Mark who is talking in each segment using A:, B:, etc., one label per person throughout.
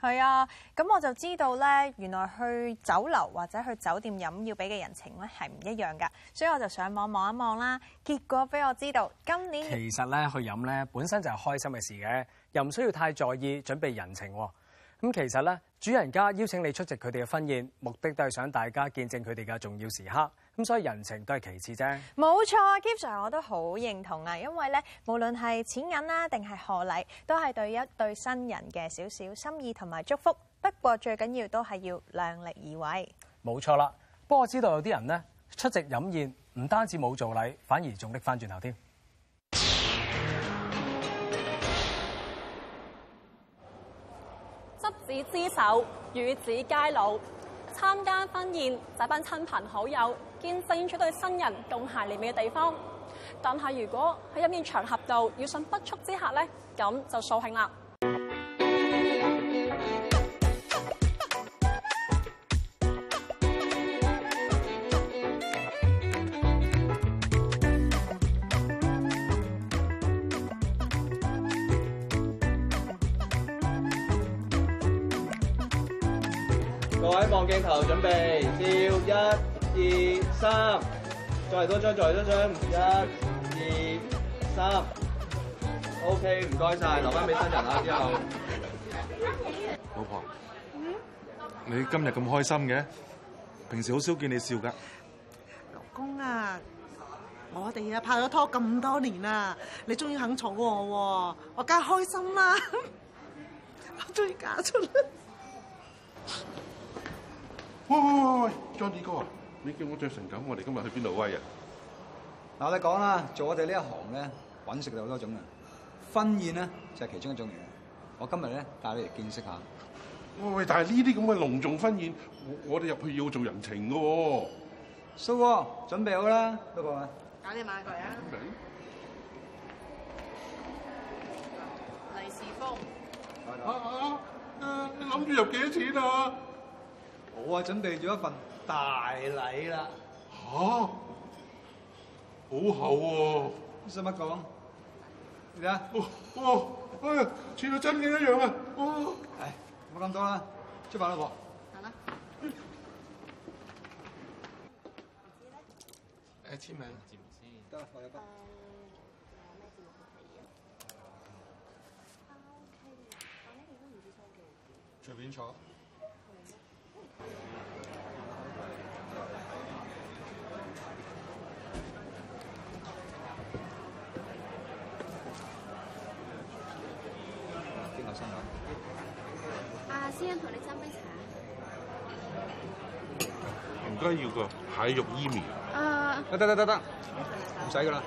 A: 係啊，咁我就知道咧，原來去酒樓或者去酒店飲要俾嘅人情咧係唔一樣㗎，所以我就上網望一望啦，結果俾我知道今年其
B: 實咧去飲咧本身就係開心嘅事嘅，又唔需要太在意準備人情。咁其實咧，主人家邀請你出席佢哋嘅婚宴，目的都係想大家見證佢哋嘅重要時刻，咁所以人情都係其次啫。
A: 冇錯 Kee Sir 我都好認同啊，因為咧，無論係錢銀啦，定係賀禮，都係對一對新人嘅少少心意同埋祝福。不過最緊要都係要量力而為。
B: 冇錯啦，不過我知道有啲人呢，出席飲宴，唔單止冇做禮，反而仲拎翻轉頭添。
C: 子之手，與子偕老。參加婚宴，帶班親朋好友見證這對新人共諧連理嘅地方。但係如果喺飲宴場合度遇上不速之客咧，咁就掃興啦。
D: 睇望鏡頭，準備笑一、二、三，再多張，再多張，一、二、三，OK，唔
E: 該晒，留翻俾新
D: 人啦。之後，老婆，你今日咁開心嘅，
F: 平時好少見你笑㗎。老
C: 公啊，我哋啊拍咗拖咁多年啦，你終於肯娶我喎，我梗係開心啦，
E: 我終於嫁出嚟。
D: 喂喂喂，壯志哥，你叫我着成咁，我哋今日去邊度威啊？嗱，我哋講啦，做我哋呢一行咧，揾食就好多種啦。婚宴咧就係其中一種嘅。我今日咧帶你嚟見識下。喂喂，但係呢啲咁嘅隆重婚宴，我我哋入去要做人情嘅喎。蘇哥，準備好啦，不過啊，揀
A: 啲萬貴啊！利是封。啊
D: 啊
C: 啊！你諗住入幾多錢啊？
D: 我啊，準備咗一份大禮啦！吓、啊，好厚喎，啊！使乜講？你睇下，哦哦，哎呀，似到真嘅一樣啊！哦，哎！冇咁多啦，出發啦，哥。得啦吧。誒、嗯、簽、呃、名。得啦，放一邊。隨、uh, 便坐。邊個生咗？啊，
C: 先生同你斟杯
D: 茶。唔該要個蟹肉伊麵。啊，得得得得，唔使噶啦。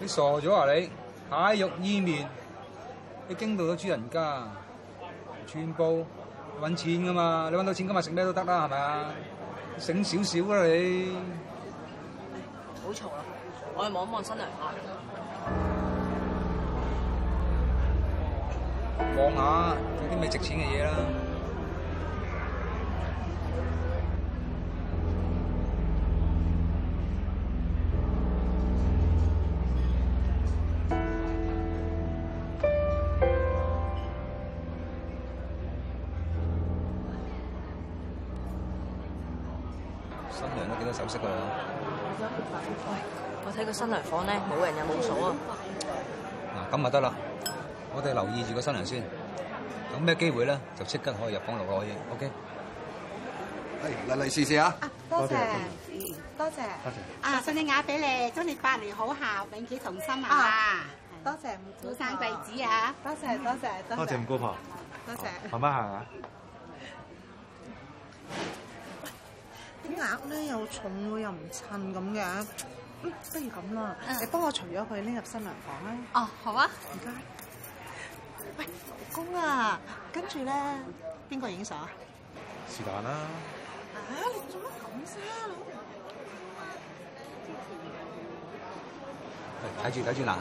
D: 你傻咗呀，你蟹肉伊麵，你驚到咗主人家。全部
E: 揾錢，㗎嘛，你揾到錢今日食咩都得啦，係咪啊？省少少啦你，
C: 好嘈、哎、啊！我哋望一望新娘
B: 下，望下有啲咩值錢嘅嘢啦。
D: 得幾多首飾㗎、哎？
A: 我睇個新娘房咧，冇人又冇鎖
D: 啊！嗱，咁咪得啦！我哋留意住個新娘先，有咩機會咧就即刻可以入房落去，可以 OK？嚟、哎、嚟試試啊！多謝，
E: 多
C: 謝，謝啊！送隻鴨俾你，祝你百年好合，永結同心啊！多
A: 謝，早生貴子啊！多謝多謝多、啊、謝唔該婆！多謝，好嗎嚇？啲鴨咧又重又唔襯咁嘅，嗯，不如咁啦，你幫我除咗佢，拎入新娘房啦。哦，好啊，唔該。喂，老公啊，跟住咧，邊個影相啊？
D: 是但啦。啊，你做乜咁先？嚟睇住睇住，嗱，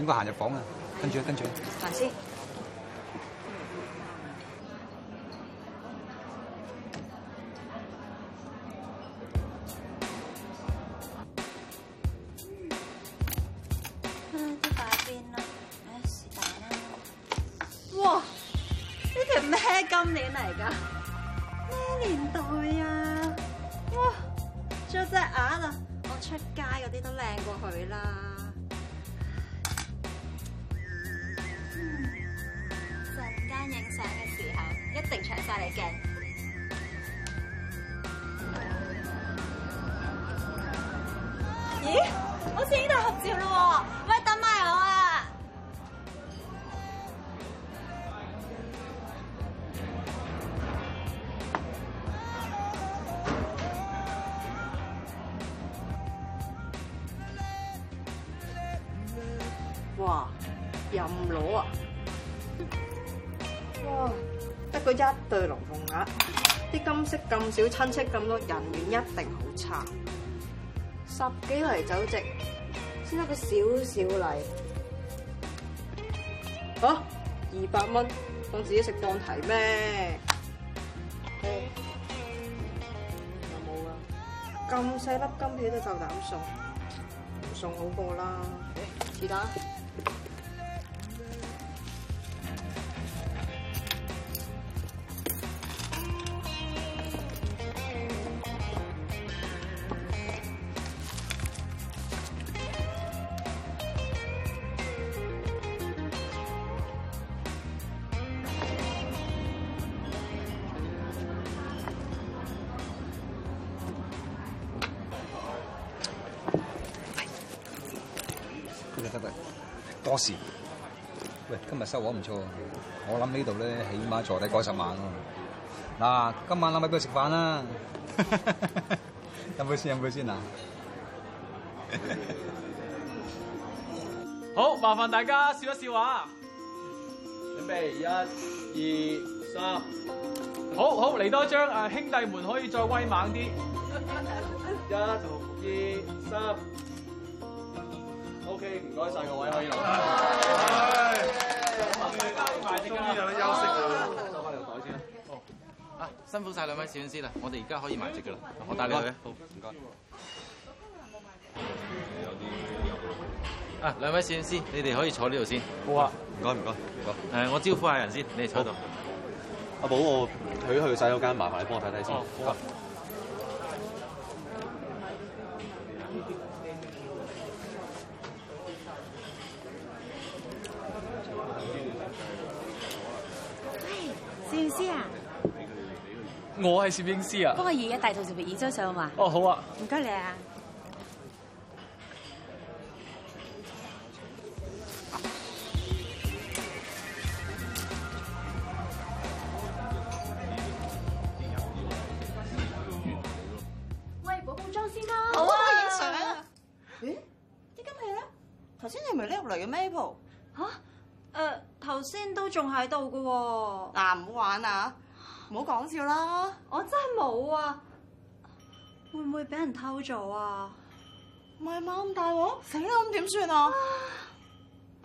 D: 邊個行入房啊？房，跟住跟住。嚟先。
C: 做隻鴨啊！我出街嗰啲都靚過佢啦。
F: 陣間
C: 影相嘅時候，一定搶晒你鏡。啊、咦？好似呢度合照嘞喎！喂。
A: 一個一對龍鳳鈪，啲金飾咁少，親戚咁多人緣一定好差。十幾圍酒席，先得個少少禮。哦、啊，二百蚊當自己食放題咩？欸嗯、有冇啊，咁細粒金器都夠膽送，送好過啦。其他。
D: 多事，喂，今日收穫唔錯，我諗呢度咧起碼坐低過十萬喎。嗱，今晚攬埋佢食飯啦，飲 杯先，飲杯先啊！
B: 好，麻煩大家笑一笑啊！準備一、二、三，好好嚟多張啊！兄弟們可以再威猛啲， 一、
D: 二、三。O K，唔該晒各位，可以啦。係，收翻啲金錢入去休息啦，收翻條袋先啦。
E: 好，啊，辛苦晒兩位攝影師啦，我哋而家可以埋席嘅啦。我帶你去啊，好，唔該。啊，兩位攝影師，你哋可以坐呢度先。好啊，唔該唔該唔該。誒，我招呼下人先，你哋坐喺度。阿寶，我去去洗手間，麻煩你幫我睇睇先。好。
F: 師
B: 啊！你嗎我係攝影師啊！
C: 幫我影嘅大堂攝影影張相啊嘛！哦好，Oh, 好啊！唔該你啊！仲喺度噶喎嗱、啊，唔好，啊、玩啊，唔好講笑啦，啊！我真係冇啊，會唔會俾人偷咗啊？唔係冇咁大鑊，死啦咁點算啊？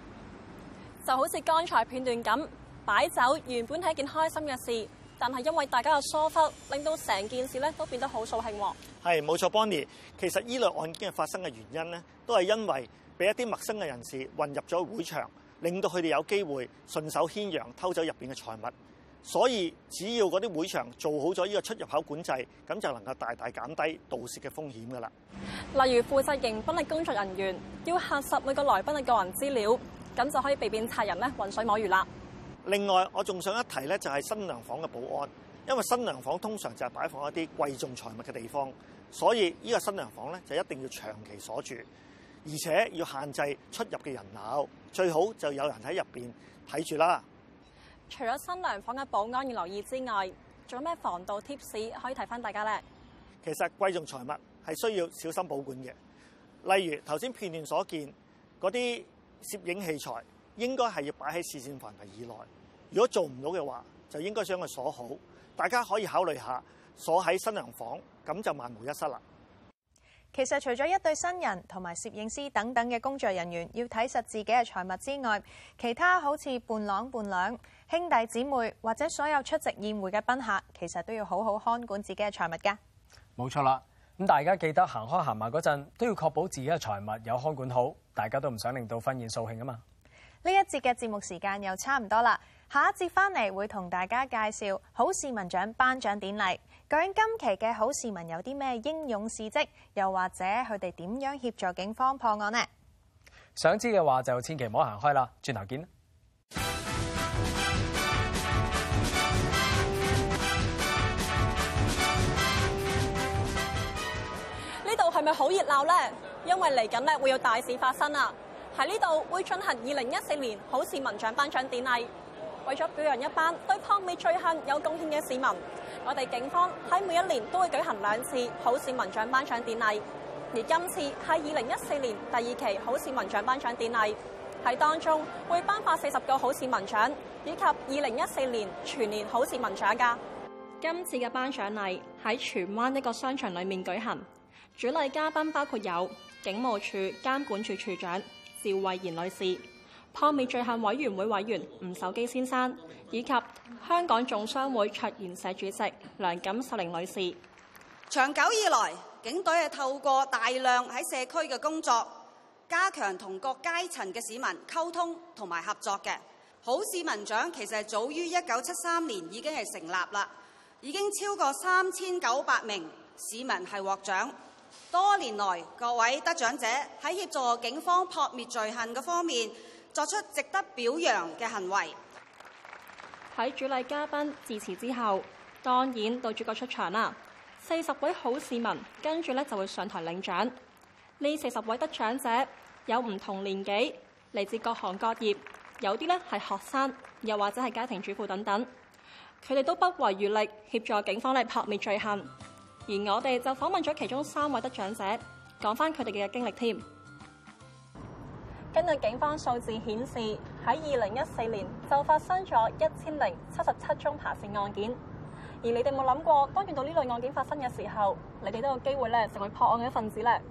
C: 就好似剛才片段咁，擺酒原本係一件開心嘅事，但係因為大家嘅疏忽，令到成件事咧都變得好掃興。
F: 係冇錯，Bonnie，其實呢類案件嘅發生嘅原因咧，都係因為俾一啲陌生嘅人士混入咗會場。令到佢哋有機會順手牽羊偷走入面嘅財物，所以只要嗰啲會場做好咗呢個出入口管制，咁就能夠大大減低盜竊嘅風險噶啦。
C: 例如負責迎賓嘅工作人員要核實每個來賓嘅個人資料，咁就可以避免賊人咧混水摸魚啦。
F: 另外，我仲想一提咧，就係新娘房嘅保安，因為新娘房通常就係擺放一啲貴重財物嘅地方，所以呢個新娘房咧就一定要長期鎖住。而且要限制出入嘅人流，最好就有人喺入邊睇住啦。
C: 除咗新娘房嘅保安要留意之外，仲有咩防盜貼士可以提翻大家咧？
F: 其實貴重財物係需要小心保管嘅。例如頭先片段所見嗰啲攝影器材，應該係要擺喺視線範圍以內，如果做唔到嘅話，就應該將佢鎖好。大家可以考慮一下鎖喺新娘房，咁就萬無一失啦。
A: 其實除咗一對新人同埋攝影師等等嘅工作人員要睇實自己嘅財物之外，其他好似伴郎伴娘、兄弟姊妹或者所有出席宴會嘅賓客，其實都要好好看管自己嘅財物㗎。
B: 冇錯啦，咁大家記得行開行埋嗰陣都要確保自己嘅財物有看管好，大家都唔想令到婚宴掃興啊嘛。
A: 呢一節嘅節目時間又差唔多啦，下一節翻嚟會同大家介紹好市民獎頒獎典禮。究竟今期嘅好市民有啲咩英勇事蹟，又或者佢哋點樣協助警方破案呢？
B: 想知嘅話就千祈唔好行開啦，轉頭見。呢度係咪
C: 好熱鬧呢？因為嚟緊咧會有大事發生啊！喺呢度會進行二零一四年好市民獎頒獎典禮。為咗表揚一班對撲滅罪行有貢獻嘅市民，我哋警方喺每一年都會舉行兩次好市民獎頒獎典禮。而今次係二零一四年第二期好市民獎頒獎典禮，喺當中會頒發四十個好市民獎以及二零一四年全年好市民獎嘅。今次嘅頒獎禮喺荃灣一個商場裡面舉行，主禮嘉賓包括有警務處監管處處長趙慧賢女士，撲滅罪行委員會委員吳守基先生，以及香港總商會卓賢社主席梁錦秀玲女士。長久以來，警隊係透過大量喺社區嘅工作，加強同各階層嘅市民溝通同埋合作嘅好市民獎，其實係早於一九七三年已經係成立啦，已經超過三千九百名市民係獲獎，多年來各位得獎者喺協助警方撲滅罪行嘅方面。作出值得表揚嘅行為。喺主禮嘉賓致辭之後，當然到主角出場啦。四十位好市民跟住咧就會上台領獎。呢四十位得獎者有唔同年紀，嚟自各行各業，有啲呢係學生，又或者係家庭主婦等等。佢哋都不遺餘力協助警方嚟撲滅罪行，而我哋就訪問咗其中三位得獎者，講翻佢哋嘅經歷添。根據警方數字顯示，喺二零一四年就發生咗一千零七十七宗扒竊案件。而你哋冇諗過，當遇到呢類案件發生嘅時候，你哋都有機會咧成為破案嘅一份子咧。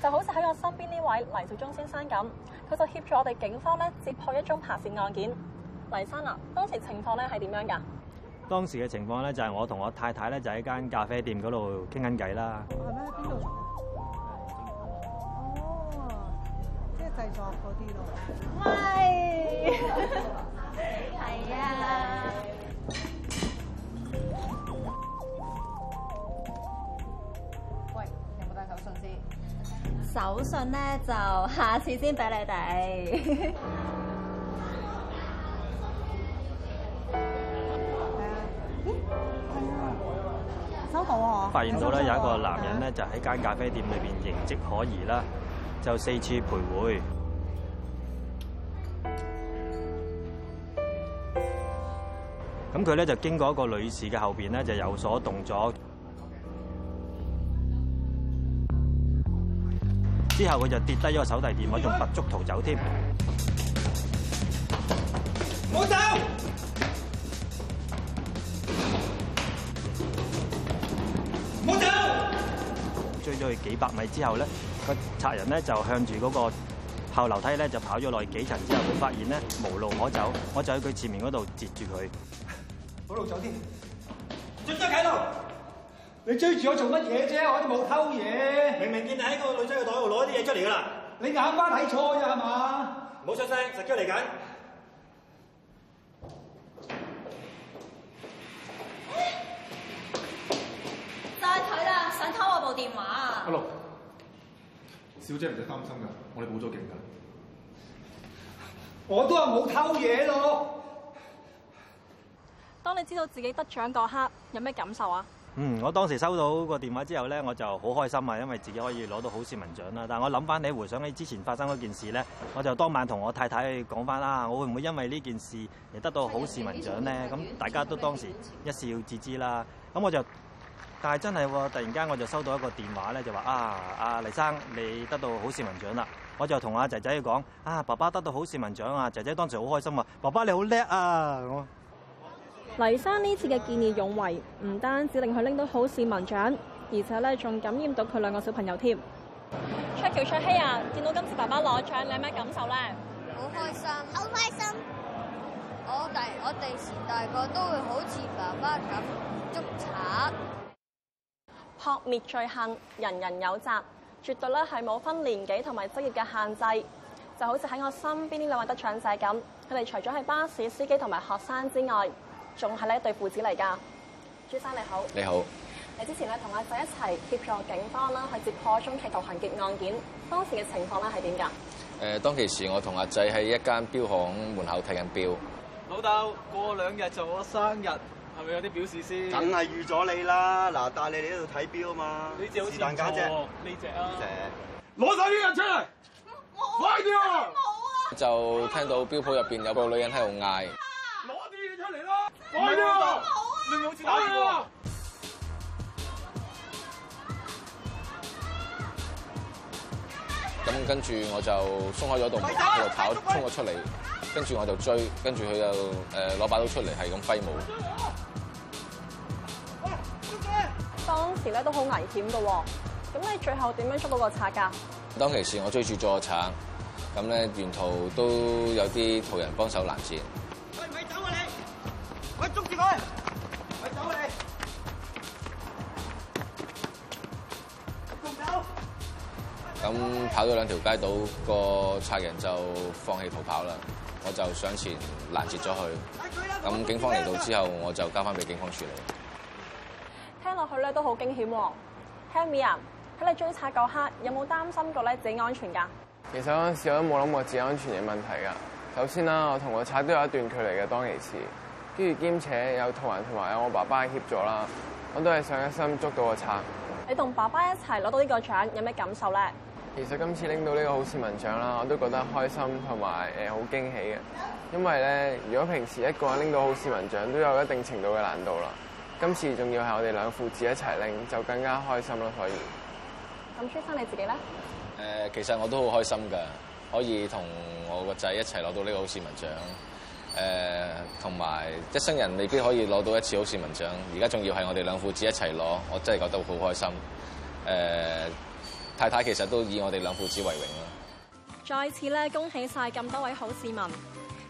C: 就好似喺我身邊呢位黎兆忠先生咁，佢就協助我哋警方咧揭破一宗扒竊案件。黎生啊，當時情況咧係點樣㗎？
D: 當時嘅情況咧就係我同我太太咧就喺間咖啡店嗰度傾緊偈啦。
A: 製作嗰啲咯，喂，係 Hi，係 啊。喂，有冇帶
C: 手信先？手信咧就下次先俾你哋。啊、 嗯，好啊，嗯。收到。發現到咧有一
D: 個男人咧就喺間咖啡店裏邊形跡可疑啦。就四次徘徊，咁佢咧就經過一個女士嘅後邊咧，就有所動作，之後佢就跌低咗個手提電話，用拔足逃走添。冇走！冇走！追咗佢幾百米之後咧。個賊人咧就向住嗰個後樓梯咧就跑咗落去幾層之後，佢發現咧無路可走，我就喺佢前面嗰度截住佢。好路走
F: 添，進德啟路，你追住我做乜嘢啫？我都冇偷嘢。明明見你喺個女仔嘅袋
D: 度攞啲嘢出嚟㗎啦！你眼花睇錯啫係嘛？冇出聲，實招嚟緊。就係佢
B: 啦！
A: 想偷我部電話啊！
F: 阿龍。小姐唔
D: 使擔心㗎，我哋冇咗勁㗎。我都係冇偷嘢咯。
C: 當你知道自己得獎嗰刻，有咩感受啊？嗯，
D: 我當時收到個電話之後咧，我就好開心啊，因為自己可以攞到好市民獎啦。但係我諗翻你回想你之前發生嗰件事咧，我就當晚同我太太講翻啦，我會唔會因為呢件事而得到好市民獎咧？咁大家都當時一笑置之啦。咁我就。但係真係喎，突然間我就收到一個電話咧，就話啊，阿黎生你得到好市民獎啦！我就同阿仔仔講：啊，爸爸得到好市民獎啊！仔仔當時好開心啊，爸爸你好叻啊咁。
C: 黎生呢次嘅見義勇為，唔單止令佢拎到好市民獎，而且咧仲感染到佢兩個小朋友添。卓喬、卓希啊，見到今次爸爸攞獎，你有咩感受咧？好開心，好
A: 開心！我哋，我哋時大個都會好似爸爸咁捉賊。
C: 撲滅罪行，人人有責，絕對咧係冇分年紀同埋職業嘅限制。就好似喺我身邊呢兩位得獎者咁，佢哋除咗係巴士司機同埋學生之外，仲係呢一對父子嚟㗎。朱生你好，你好。你好，你之前咧同阿仔一齊協助警方啦，去揭破宗企圖行劫案件，當時嘅情況咧係點㗎？誒，
E: 當其時，我同阿仔喺一間表行門口睇緊表。
D: 老豆，過兩日就我生日。係咪有啲表示先？梗係預咗你啦！嗱，帶你嚟呢度睇錶啊嘛！呢隻
B: 好似彈假啫！呢隻啊！攞晒啲人出嚟！快
E: 啲啊！就聽到錶舖入邊有個女人喺度嗌，攞啲嘢出嚟啦！快啲啊！咁跟住我就鬆開咗道門，喺度跑，衝咗出嚟。跟住我就追，跟住佢就誒攞把刀出嚟，係咁揮舞。
C: 當時咧都好危險嘅喎，咁你最後點樣捉到個
E: 賊㗎？當其時我追住咗個賊，咁咧沿途都有啲途人幫手攔截。
D: 喂，咪走啊你！喂，捉住佢！喂，走啊你！
E: 咁、啊、跑咗兩條街道，嗯、個賊人就放棄逃跑啦，我就上前攔截咗佢。咁警方嚟到之後，來我就交翻俾警方處理。
C: 去咧都好驚險喎，哦，Henry 啊，喺你追賊嗰刻有冇擔心過咧自己安全㗎？其
E: 實嗰陣時我都冇諗過自己安全嘅問題㗎。首先啦，我同個賊都有一段距離嘅當其時，跟住兼且有途人同埋有我爸爸嘅協助啦，我都係上一心捉到個賊。你
C: 同爸爸一齊攞到呢個獎有咩感受
E: 咧？其實今次拎到呢個好市民獎啦，我都覺得開心同埋誒好驚喜嘅，因為咧如果平時一個人拎到好市民獎都有一定程度嘅難度啦。今次仲要係我哋兩父子一齊領，就更加開心啦！可以。
C: 咁先生你自己
D: 咧？
E: 呃，其實我都好開心㗎，可以同我個仔一齊攞到呢個好市民獎。誒、呃，同埋一生人未必可以攞到一次好市民獎，而家仲要係我哋兩父子一齊攞，我真係覺得好開心。呃，太太其實都以我哋兩父子為榮啦。
C: 再次咧，恭喜晒咁多位好市民！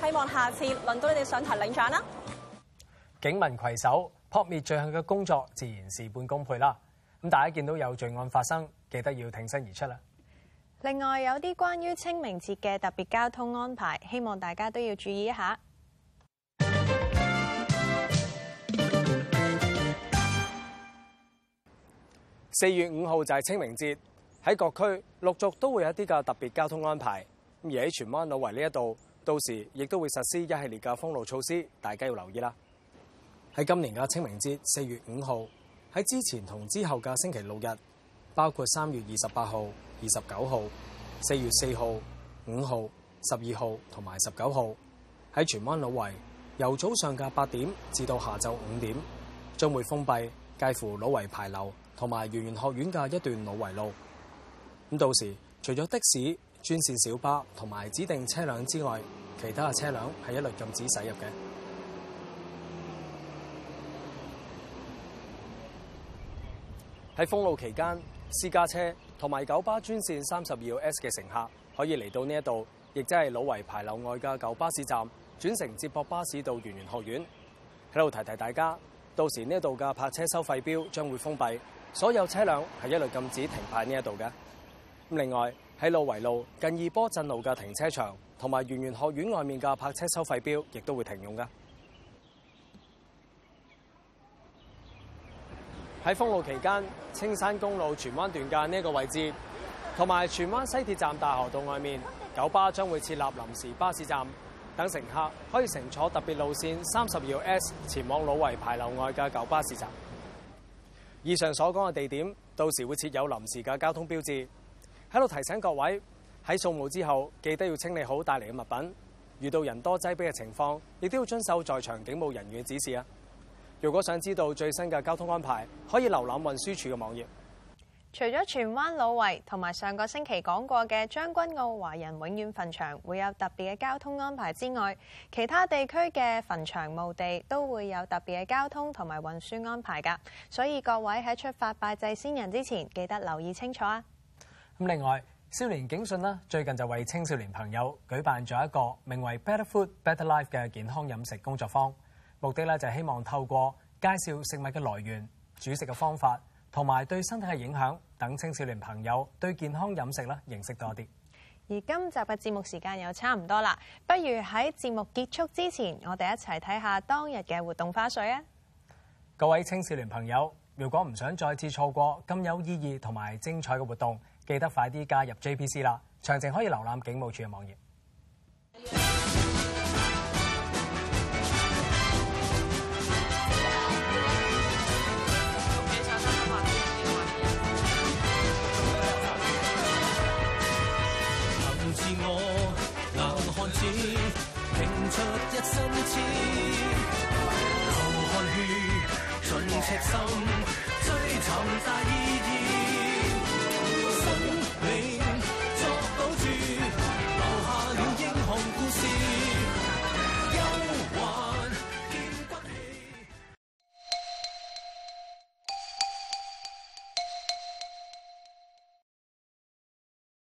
C: 希望下次輪到你哋上台領
B: 獎啦！警民攜手撲滅罪行嘅工作，自然事半功倍啦。咁大家見到有罪案發生，記得要挺身而出啦。
A: 另外有啲關於清明節嘅特別交通安排，希望大家都要注意一下。
B: 四月五號就係清明節，喺各區陸續都會有啲嘅特別交通安排。而喺荃灣老圍呢一度，到時亦都會實施一系列嘅封路措施，大家要留意啦。喺今年嘅清明節四月五號，喺之前同之後嘅星期六日，包括三月二十八號、二十九號、四月四號、五號、十二號同埋十九號，喺荃灣老圍由早上嘅八點至到下晝五點，將會封閉介乎老圍牌樓同埋圓玄學院嘅一段老圍路。咁到時除咗的士專線小巴同埋指定車輛之外，其他嘅車輛係一律禁止駛入嘅。喺封路期間，私家車同埋九巴專線三十二 S 嘅乘客可以嚟到呢一度，亦即係老圍牌樓外嘅舊巴士站轉乘接駁巴士到圓玄學院。喺度提提大家，到時呢一度嘅泊車收費表將會封閉，所有車輛係一律禁止停泊喺呢一度嘅。另外，喺老圍路近二波鎮路嘅停車場，同埋圓圓學院外面嘅泊車收費表，亦都會停用噶。喺封路期間，青山公路荃灣段嘅呢個位置，同埋荃灣西鐵站大河道外面，九巴將會設立臨時巴士站，等乘客可以乘坐特別路綫三十二 S 前往老圍牌樓外嘅九巴士站。以上所講嘅地點，到時會設有臨時嘅交通標誌。喺度提醒各位喺掃墓之後，記得要清理好帶嚟嘅物品。遇到人多擠逼嘅情況，亦都要遵守在場警務人員嘅指示啊！如果想知道最新嘅交通安排，可以瀏覽運輸處嘅網頁。
A: 除咗荃灣老圍同埋上個星期講過嘅將軍澳華人永遠墳場會有特別嘅交通安排之外，其他地區嘅墳場墓地都會有特別嘅交通同埋運輸安排噶，所以各位喺出發拜祭先人之前，記得留意清楚啊！
B: 咁另外，少年警訊呢，最近就為青少年朋友舉辦咗一個名為 Better Food Better Life 嘅健康飲食工作坊，目的咧就係希望透過介紹食物嘅來源、煮食嘅方法同埋對身體嘅影響等，讓青少年朋友對健康飲食咧認識多啲。而
A: 今集嘅節目時間又差唔多啦，不如喺節目結束之前，我哋一齊睇下當日嘅活動花絮啊！
B: 各位青少年朋友，如果唔想再次錯過咁有意義同埋精彩嘅活動，記得快啲加入 JPC 啦！詳情可以瀏覽警務處嘅網頁。